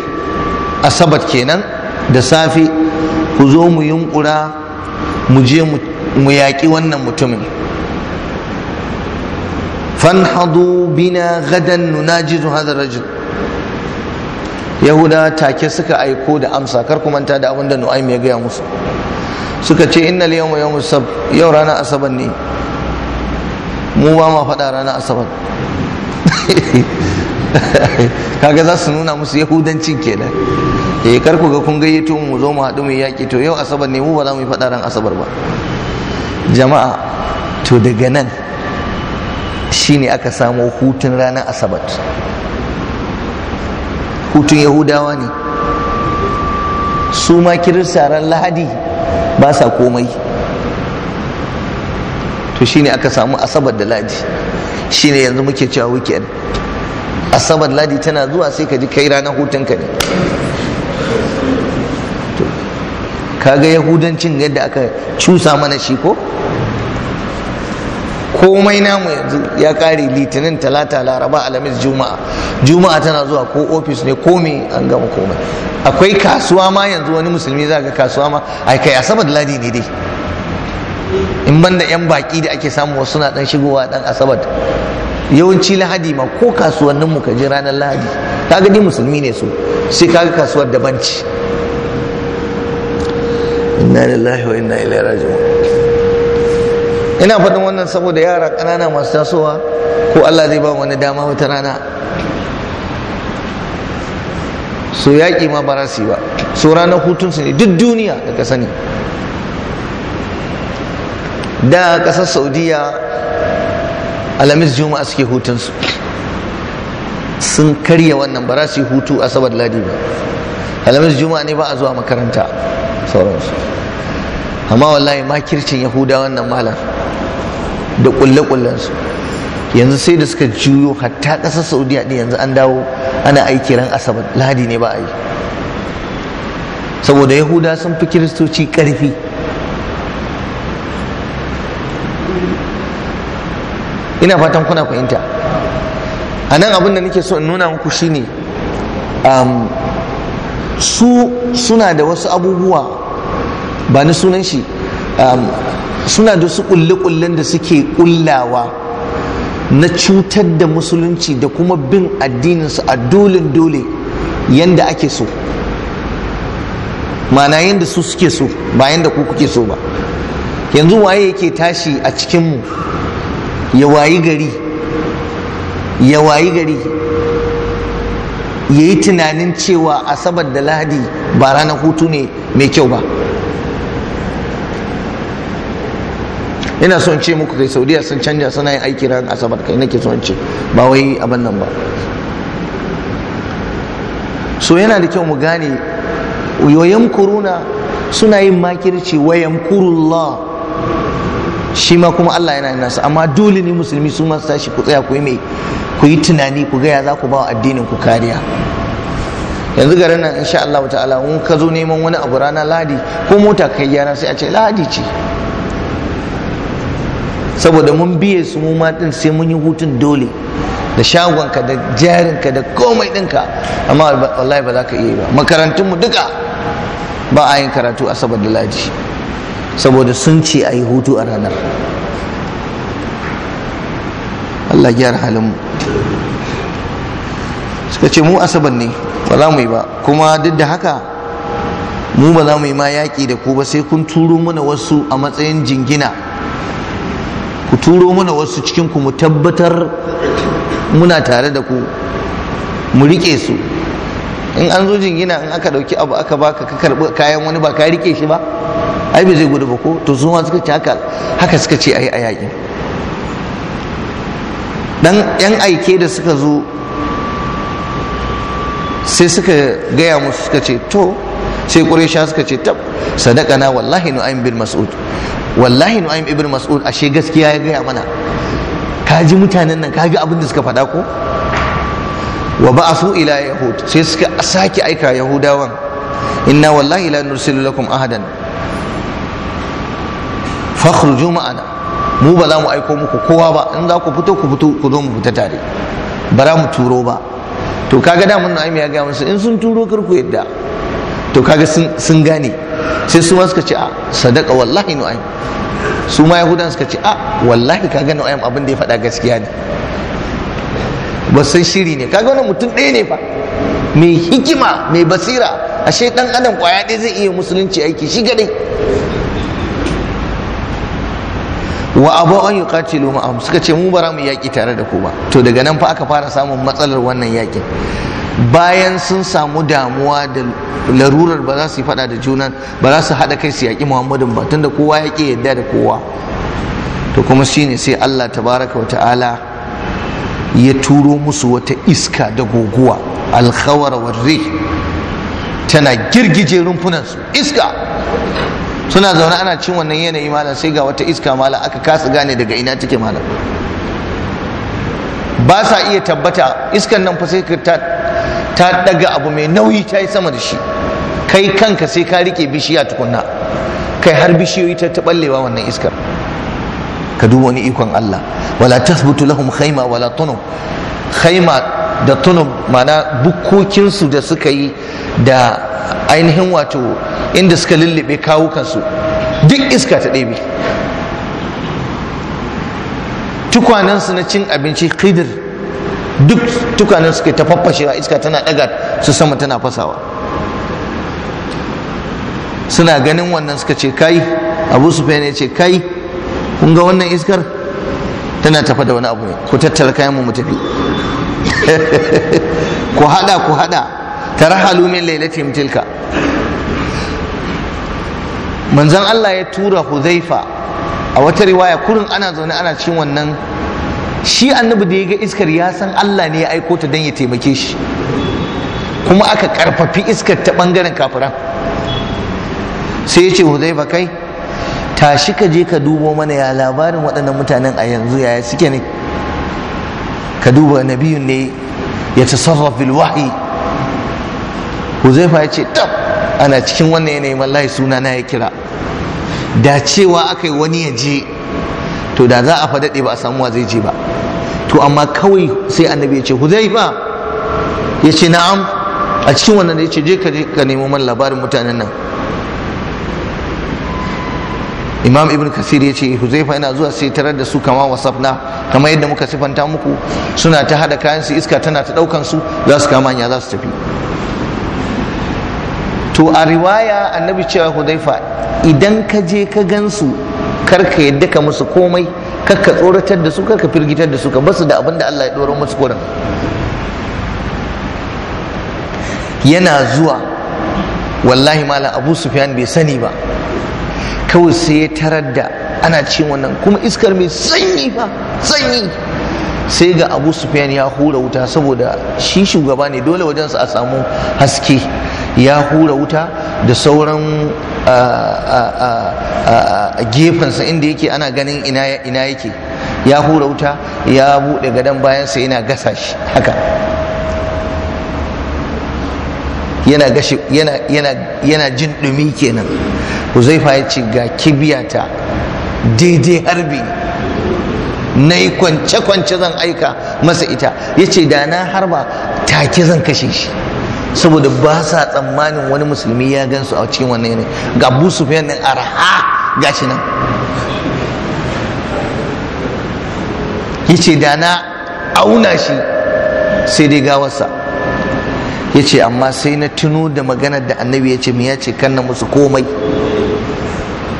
asabat kenan da safe ku zo mu yunkura mu je mu yaƙi wannan mutumin fanhadu bina gadan nunajizu hadha rajul yahuda take suka aiko da amsa kar ku manta da abinda nu'aym ya gaya musu suka ce innal yawma yawmus sab yau rana asabar ne mu ba ma faɗa ranar asabar kaga za su nuna musu yahudancin kenan eh kar ku ga kun gayyato mu zo mu haɗu mu yaki, to yau asabar ne mu ba za mu yi faɗa ran asabar ba jama'a to daga nan shine aka samo hutun ranar asabat hutun yahudawa ne su ma kirista ran lahadi ba sa komai to shine aka samu asabar da ladi shine yanzu muke cewa weekend asabar ladi tana zuwa sai ka ji kai ranar hutunka ne kaga yahudancin yadda aka cusa mana shi ko komai namu yanzu ya kare litinin talata laraba alhamis juma'a juma'a tana zuwa ko ofis ne komai an gama komai akwai kasuwa ma yanzu wani musulmi za ga kasuwa ma ai kai asabar ladi ne dai in ban da yan baki da ake samu wasu na dan shigowa dan asabar yawanci lahadi ma ko kasuwannin mu ka ji ranar lahadi kaga dai musulmi ne su sai kaga kasuwar banci inna lillahi wa inna ilaihi raji'un ina faɗin wannan saboda yara ƙanana masu tasowa ko Allah zai ba wani dama wata rana so yaƙi ma ba rasi ba so ranar hutunsu ne duk duniya da ka sani da ƙasar saudiya alamis juma'a suke hutunsu sun karya wannan ba su hutu asabar ladi ba alamis juma'a ne ba a zuwa makaranta sauransu amma wallahi makircin yahuda wannan malam da kulle-kullensu yanzu sai da suka juyo hatta ƙasar saudiya ɗin yanzu an dawo ana aiki ran asabar lahadi ne ba a yi saboda yahuda sun fi kiristoci ƙarfi ina fatan kuna fahimta a nan abin da nake so in nuna muku shine um, su suna da wasu abubuwa ba ni sunan shi Um, suna da su kulle-kullen da suke kullawa na cutar da musulunci da kuma bin addininsu a dolin dole yanda ake so mana yanda su suke so ba yanda ku kuke so ba yanzu waye yake tashi a cikinmu ya wayi gari ya wayi gari ya yi tunanin cewa asabar da lahadi ba ranar hutu ne mai kyau ba ina son ce muku kai saudiya sun canja suna yin aiki ran asabar kai nake son ce ba wai abin nan ba so yana da kyau mu gane yoyin kuruna suna yin makirci wayan kurullah shi ma kuma Allah yana nasa amma dole ne musulmi su masu tashi ku tsaya ku yi mai ku yi tunani ku gaya za ku ba wa addinin ku kariya yanzu garin nan insha Allah ta'ala ka zo neman wani abu rana ladi ko mota kai gyara sai a ce ladi ce saboda mun biye su mu ma din sai mun yi hutun dole da shagonka da jarinka da komai ɗinka amma wallahi ba za ka iya ba makarantunmu duka ba a yin karatu asabar da laji saboda sun ce a yi hutu a ranar Allah gyara halin suka ce mu asabar ne ba za mu yi ba kuma duk da haka mu ba za mu yi ma yaƙi da ku ba sai kun turo mana wasu a matsayin jingina ku turo mana wasu cikin ku mu tabbatar muna tare da ku mu rike su in an zo jingina in aka dauki abu aka baka ka karbi kayan wani ba ka rike shi ba ai bai zai gudu ba ko to su ma suka ce haka haka suka ce ai a dan yan aike da suka zo sai suka gaya musu suka ce to sai sha suka ce tab sadaka na wallahi nu'aym bin mas'ud wallahi nu'aym ibn mas'ud ashe gaskiya ya gaya mana ka ji mutanen nan ka abin da suka faɗa ko wa ba'athu ila yahud sai suka saki aika yahudawan inna wallahi la nursilu lakum ahadan fakhruju ma'ana mu ba za mu aiko muku kowa ba in za ku fito ku fito ku zo mu fita tare ba za mu turo ba to kaga da mun na'im ya ga musu in sun turo karku yadda to kaga sun gane sai su ma suka ce a sadaka wallahi nu'aym su ma yahudan suka ce a wallahi kaga nu'aym abin da ya faɗa gaskiya ne ba san shiri ne kaga gani mutum ɗaya ne fa mai hikima mai basira ashe dan adam kwaya ɗaya zai iya musulunci aiki shi gadai wa abu an yi katilu ma'am suka ce mu bara mu yaƙi tare da ku ba to daga nan fa aka fara samun matsalar wannan yaƙin bayan sun samu damuwa da larurar ba za su yi fada da juna ba za su haɗa kai su yaƙi muhammadin ba tunda kowa ya ƙi yadda da kowa to kuma shi ne sai allah tabaraka wa ta'ala ya turo musu wata iska da guguwa alkhawar warri tana girgije rumfunansu iska suna zaune ana cin wannan yanayi malam sai ga wata iska malam aka kasa gane daga ina take malam ba sa iya tabbata iskan nan fa sai ka ta daga abu mai nauyi ta yi sama da shi kai kanka sai ka rike bishiya tukunna kai har bishiyoyi ta taballewa wannan iskar ka duba wani ikon Allah wala tasbutu lahum khayma wala tunub khayma da tunub mana bukkokinsu da suka yi da ainihin wato inda suka lullube kawukansu duk iska ta ɗebe tukwanansu na cin abinci khidr duk tukanin suke ta faffashewa iska tana daga su sama tana fasawa suna ganin wannan suka ce kai abu su ya ce kai kun ga wannan iskar tana tafa da wani abu ne ku tattara kayan mu tafi ku hada ku hada tarahalu min lailatin tilka manzon Allah ya tura Huzaifa a wata riwaya kurin ana zaune ana cin wannan shi annabi da ya ga iskar ya san Allah ne ya aiko ta dan ya taimake shi kuma aka karfafi iskar ta bangaren kafiran sai ya ce huzaifa kai tashi ka je ka dubo mana ya labarin waɗannan mutanen a yanzu yaya suke ne ka duba nabiyun ne ya ta sarrafa wahi huzaifa ya ce tab ana cikin wannan yanayin wallahi suna na ya kira da cewa aka yi wani ya je to da za a faɗaɗe ba a samuwa zai je ba to amma kawai sai annabi ya ce huzaifa ya ce na'am a cikin wannan da ya ce je ka je ka nemo man labarin mutanen nan imam ibn kasir ya ce huzaifa yana zuwa sai tarar da su kama wasafna kamar yadda muka sifanta muku suna ta hada kayan su iska tana ta daukan su za su kama ya za su tafi to a riwaya annabi cewa Huzaifa idan ka je ka gansu kar ka yadda ka musu komai kakka tsoratar da su kakka firgitar da su ka basu da abin da Allah ya ɗora musu kurin yana zuwa wallahi malam abu sufyan bai sani ba kawai sai ya tarar da ana cin wannan kuma iskar mai sanyi ba sanyi sai ga abu sufyan ya hura wuta saboda shi shugaba ne dole wajensa a samu haske ya hura wuta da sauran gefensa inda yake ana ganin ina yake ya hura wuta ya buɗe gadon bayansa yana gasa shi haka yana jin ɗumi kenan huzaifa ya ce ga kibiyata daidai harbi na yi kwance-kwance zan aika masa ita ya ce da na harba take zan kashe shi saboda ba sa tsammanin wani musulmi ya gansu a cikin wannan yanayi ga abu sufiyan din arha gashi nan yace da na auna shi sai dai gawarsa Ya ce amma sai na tuno da magana da annabi ya ce ya ce kan na musu komai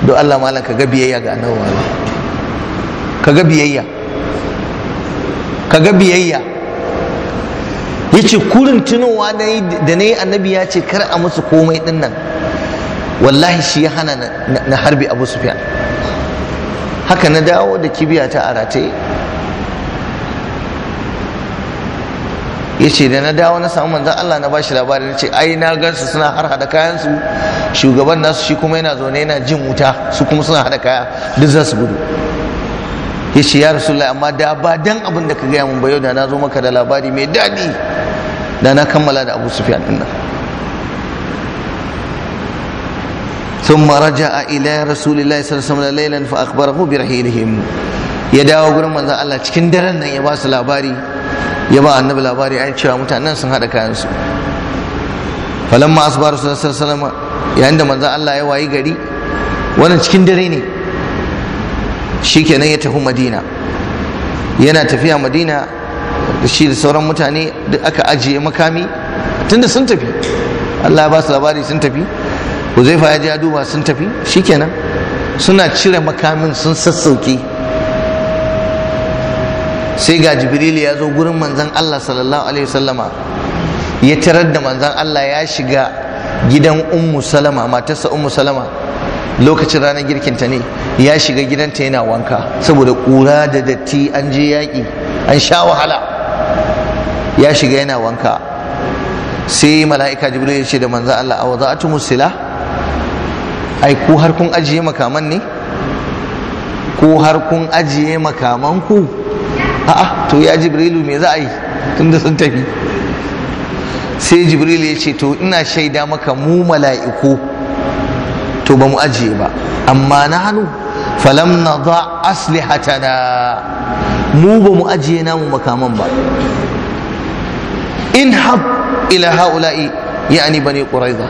don Allah malam ka ga biyayya ga annabi ka ga biyayya ka ga biyayya yace kurin tunowa da yi annabi ya ce kar a musu komai dinnan, nan wallahi shi ya hana na harbi Abu Sufyan haka na dawo da kibiya ta arate yace da na dawo na samu manzan Allah na bashi labari na ce ai na gansu suna har hada kayansu, shugaban nasu shi kuma yana zaune yana jin wuta su kuma suna hada kaya duk za su gudu yace ya rasu amma da ba dan abin da ka gaya mun ba yau da na zo maka da labari mai daɗi da na kammala da abu sufyan din nan ثم رجع إلى رسول الله صلى الله عليه وسلم ليلا فأخبره برحيلهم ya dawo gurin manzan Allah cikin daren nan ya ba su labari ya ba annabi labari a cewa mutanen sun hada kayan su falamma ba rasu alaihi salama yayin da manzan Allah ya wayi gari wannan cikin dare ne kenan ya tafi Madina yana tafiya Madina da shi da sauran mutane duk aka ajiye makami tunda sun tafi Allah ba su labari sun tafi Huzaifa ya ja duba sun tafi shikenan suna cire makamin sun sassauke sai ga Jibril ya zo gurin manzon Allah sallallahu alaihi wasallama ya tarar da manzon Allah ya shiga gidan Ummu Salama matarsa Ummu Salama lokacin ranar girkin ta ne ya shiga gidanta yana wanka saboda kura da datti an je yaki an sha wahala ya shiga yana wanka sai mala'ika jibril ya ce da manzo Allah a wada'atu musila ai ku har kun ajiye makaman ne ko har kun ajiye makaman ku a'a to ya jibril me za a yi tunda sun tafi sai jibril ya ce to ina shaida maka mu mala'iku to ba mu ajiye ba amma na hannu falam na za aslihatana mu ba mu ajiye namu makaman ba inhab ila haula'i yani bani quraiza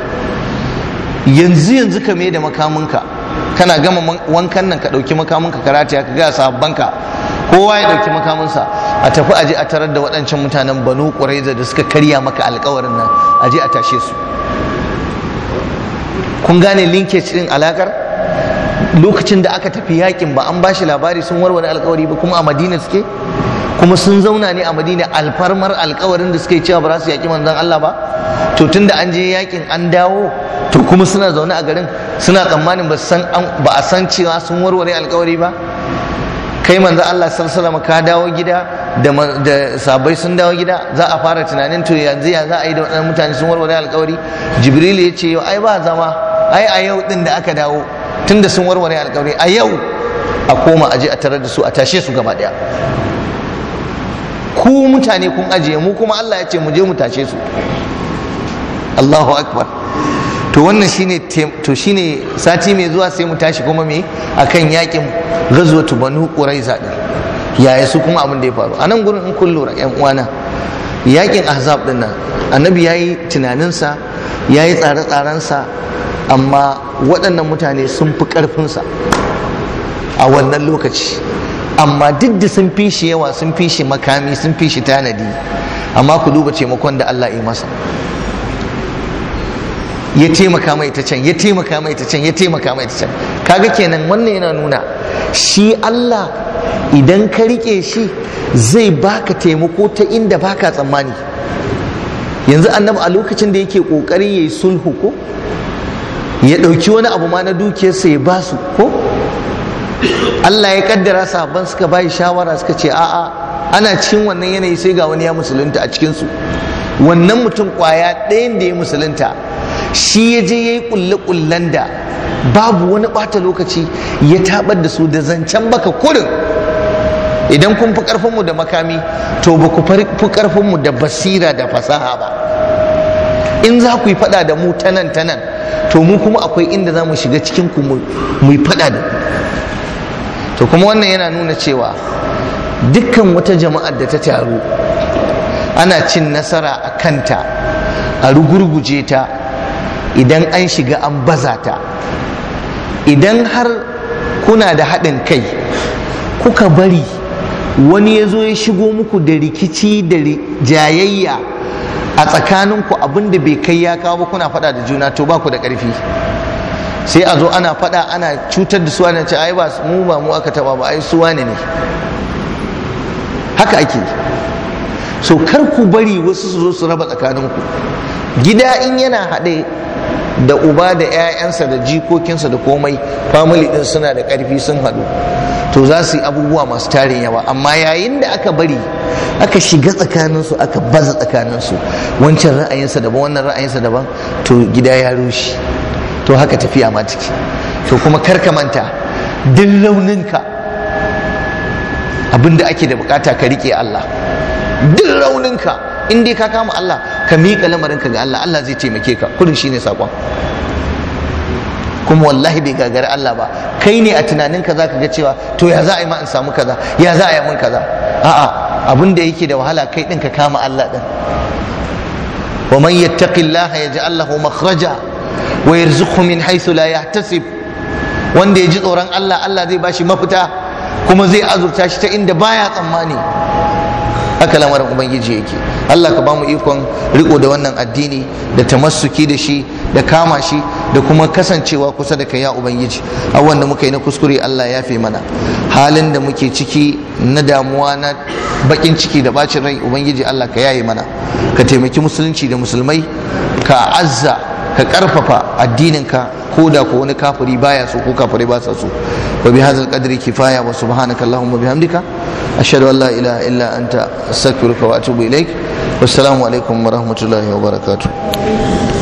yanzu yanzu ka mai da makaminka kana gama wankan nan ka ɗauki makaminka karatiya ka ga sahabbanka kowa ya ɗauki makaminsa a tafi aje a tarar da waɗancan mutanen banu ƙuraiza da suka karya maka alƙawarin nan aje a tashe su kun gane linkage ɗin alakar lokacin da aka tafi yakin ba an bashi labari sun warware alkawari ba kuma a madina suke kuma sun zauna ne a madina alfarmar alkawarin da suka yi cewa ba za su yaƙi manzon Allah ba to tunda an je yakin an dawo to kuma suna zaune a garin suna tsammanin ba a san cewa sun warware alkawari ba kai manzon Allah sallallahu ka dawo gida da sabai sun dawo gida za a fara tunanin to yanzu ya za a yi da waɗannan mutane sun warware alkawari jibril ya ce ai ba zama ai a yau din da aka dawo tunda sun warware alkawari a yau a koma aje a tarar da su a tashe su gaba daya ku mutane kun ajiye mu kuma Allah ya ce mu je mu tashe su Allahu akbar to wannan shine to shine sati mai zuwa sai mu tashi kuma me akan yakin ghazwatu banu quraiza din yaya su kuma abin da ya faru anan gurin in kun lura yan uwana yakin ahzab din nan annabi yayi tunaninsa yayi tsare sa amma waɗannan mutane sun fi sa a wannan lokaci amma duk da sun fi shi yawa sun fi shi makami sun fi shi tanadi amma ku duba taimakon da Allah ya masa ya taimaka mai ta can ya taimaka mai ta can ya taimaka mai ta can kaga kenan wannan yana nuna shi Allah idan ka rike shi zai baka taimako ta inda baka tsammani yanzu annabi a lokacin da yake kokari yayi sulhu ko ya dauki wani abu ma na dukiyarsa ya basu ko Allah ya kaddara sahabban suka bayi shawara suka ce a'a ana cikin wannan yanayi sai ga wani ya musulunta a cikin su wannan mutum kwaya ɗayan da ya musulunta shi ya je ya yi ƙulle da babu wani bata lokaci ya taɓar da su da zancen baka kurin idan kun fi ƙarfinmu da makami to ba ku fi ƙarfinmu da basira da fasaha ba in za ku yi faɗa da mu tanan tanan to mu kuma akwai inda za mu shiga cikin ku mu yi faɗa da to kuma wannan yana nuna cewa dukkan wata jama'ar da ta taru ana cin nasara a kanta a rugurguje ta idan an shiga an baza ta idan har kuna da haɗin kai kuka bari wani ya zo ya shigo muku da rikici da jayayya a tsakaninku abinda bai kai ya kawo kuna faɗa da juna to ba ku da ƙarfi sai a zo ana faɗa ana cutar da su a ce ai ba mu ba mu aka taba ba ai su ne haka ake so kar ku bari wasu su zo su raba tsakaninku gida in yana haɗe da uba da 'ya'yansa da jikokinsa da komai family din suna da ƙarfi sun haɗu to za su yi abubuwa masu tarin yawa amma yayin da aka bari aka shiga tsakaninsu aka baza tsakaninsu wancan ra'ayinsa daban wannan ra'ayinsa daban to gida ya rushe to haka tafiya ma ciki to kuma karka manta duk rauninka abinda ake da bukata ka rike Allah duk rauninka in dai ka kama Allah ka miƙa ka ga Allah Allah zai taimake ka kudin shine sakon kuma wallahi bai gagari Allah ba kai ne a tunaninka zaka ga cewa to ya za a yi ma in samu kaza ya za a yi min kaza a'a abin da yake da wahala kai din ka kama Allah din wa man yattaqillaha yaj'al lahu makhraja wa yarzuqhu min haythu la yahtasib wanda ya ji tsoron Allah Allah zai bashi mafita kuma zai azurta shi ta inda baya tsammani haka lamarin ubangiji yake Allah ka bamu ikon riko da wannan addini da tamassuki da shi da kama shi da kuma kasancewa kusa da kai ya ubangiji a da muka yi na kuskure Allah ya fi mana halin da muke ciki na damuwa na bakin ciki da bacin rai ubangiji Allah ka yaye mana ka taimaki musulunci da musulmai ka azza ka karfafa addininka ko da ko wani kafiri baya so ko kafiri ba sa so wa bi hadzal qadri kifaya wa subhanaka allahumma bihamdika ashhadu an la ilaha illa anta astaghfiruka wa atubu ilaik wassalamu alaikum wa rahmatullahi wa barakatuh